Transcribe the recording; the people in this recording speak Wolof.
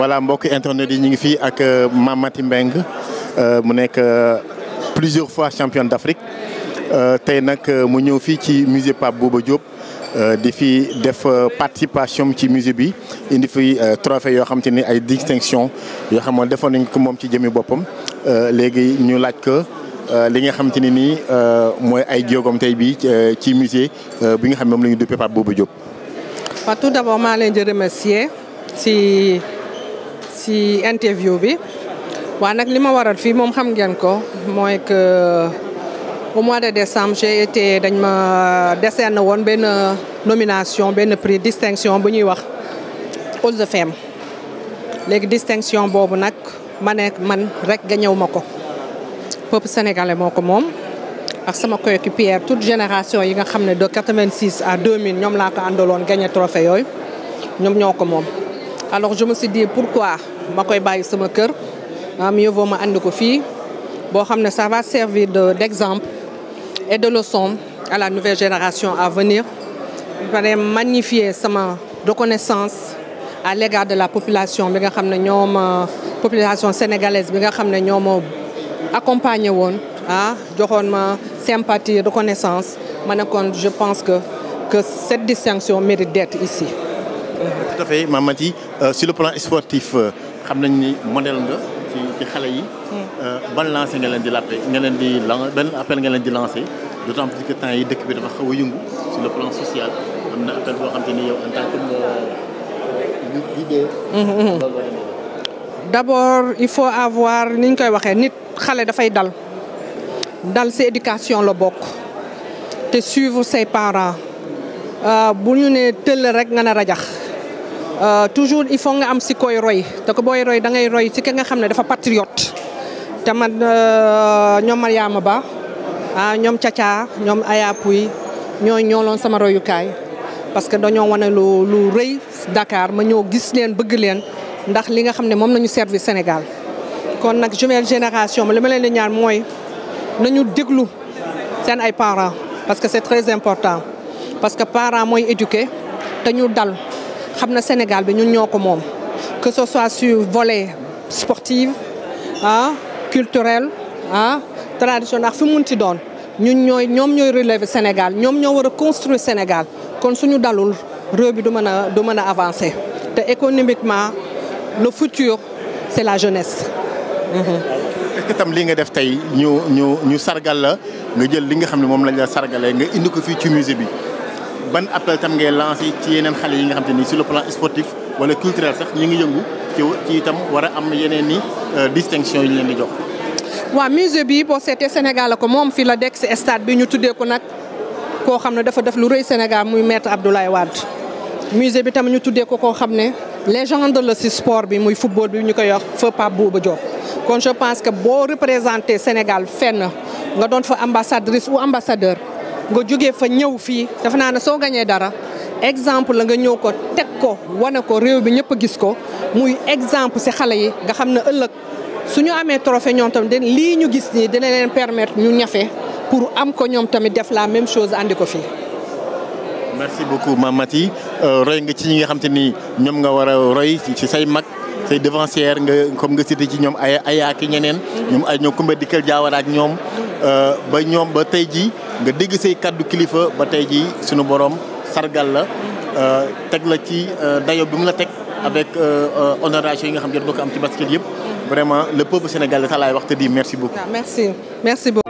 voilà mbokk internet yi ñu ngi fii ak euh, Mame Maty Mbengue euh, mu nekk euh, plusieurs fois championne d'Afrique tey nag mu ñëw fii ci musée Pape Bouba Diop di fi def participation ci musée bi indi fi trophée yoo xam te ni ay distinction yoo xam ne defoon nañ ko moom ci jëmi boppam léegi ñu laaj ko li nga xam te ni nii mooy ay jógam tey bi ci musée bi nga xam ne moom la ñu duppee Pape Bouba si interview bi waa nag li ma waral fii moom xam ngeen ko mooy que euh, au mois de décembre j'ai été dañ ma décerné woon benn nomination benn prix distinction bu ñuy wax Eaux FM léegi distinction boobu nag ma ne man rek ga ñëw ma ko peuple sénégalais moo ko moom a sama coéquipière toute génération yi nga xam ne de 86 à mille ñoom laa ko àndaloon gagné trophée yooyu ñoom ñoo ko moom alors je me suis dit pourquoi ma koy bàyyi sama kër ah mieux vaut ma andi ko fii boo xam ne ça va servir de d'exemple et de leçon à la nouvelle génération à venir pare magnifier sama reconnaissance à l'égard de la population bi nga xam ne ñoom euh, population sénégalaise bi nga xam ne ñoo ma accompagné woon ah joxoon ma sympathie reconnaissance ma ne kon je pense que que cette distinction mérite d'être ici tout à fait Mamati euh, sur le plan sportif euh, xam nañ ni modèle nga ci xale yi. Hmm. Euh, ban lancé nga leen di lappe nga leen di lan benn appel nga leen di lancé d'autant temps yi dëkk bi dafa xaw a yëngu sur le plan social am hmm, hmm, il faut avoir ni ñu koy waxee nit xale dafay dal dal ci éducation la bokk te suivre ses parents bu ñu nee tëll rek nga ne rajax Euh, toujours il faut nga am si koy roy te ko booy roy da ngay roy si ki nga xam ne dafa patriote te man euh, ñoom Mariama Ba ah ñoom Caca ñoom Ayapuy ñooy ñooloon sama royukaay. parce que dañoo wane lu lu rëy dakaar ma ñëw gis leen bëgg leen ndax li nga xam ne moom nañu service Sénégal kon nag jumelle génération li ma leen di ñaan mooy nañu déglu seen ay parents parce que c'est très important parce que parent mooy éduquer te ñu dal. xam na Sénégal bi ñu ñoo ko moom que ce soit sur volet sportive ah culturel ah traditionnel fi mun ci doon ñu ñooy ñoom ñooy relève Sénégal ñoom ñoo war a construire Sénégal kon suñu dalul réew bi du mën a du mën a avancer te économiquement le futur c'est la jeunesse. Mm-hmm. est que tam li nga def tey ñu ñu ñu sargal la nga jël li nga xam ne moom lañ la sargalee nga indi ko fii ci musée bi. ban appel tam ngay lancé ci yeneen xale yi nga xam te ni sur le plan sportif wala culturel sax ñu ngi yëngu ci ci itam war a am yeneen ni euh, distinction yi ñu leen di jox. waaw musée bi boo seetee Sénégal ko moom fii la dekk si stade bi ñu tuddee ko nag koo xam ne dafa def lu rëy Sénégal muy maître Abdoulaye Wade musée bi tam ñu tuddee ko koo xam ne légende la si sport bi muy football bi ñu koy wax feu Pape Bouba Diop. kon je pense que boo représenté Sénégal fenn nga doon fa ambassadrice ou ambassadeur. nga jóge fa ñëw fii defe naa ne soo gañee dara exemple la nga ñëw ko teg ko wane ko réew bi ñëpp a gis ko muy exemple si xale yi nga xam ne ëllëg su ñu amee trophée ñoom tamit lii ñu gis nii dina leen permettre ñu ñafe pour am ko ñoom tamit def la même chose andi ko fii. merci beaucoup Mame Maty euh, roy nga ci ñi nga xam te ni ñoom nga war a roy ci say mag. say devancière nga comme nga cité ci ñoom ay ay ak ñeneen. Mm-hmm. ñoom ay ñoom Kumba Dikkal Jaawara ak ñoom. Euh, ba ñoom ba tey ji nga dégg say kàddu kilifa ba tey jii suñu borom sargal la euh, teg la ci euh, dayo bi mu la teg avec euh, honoration yi nga xam jot nga ko am ci basket yëpp vraiment le peuple sénégalais ça wax te merci beaucoup. Ah,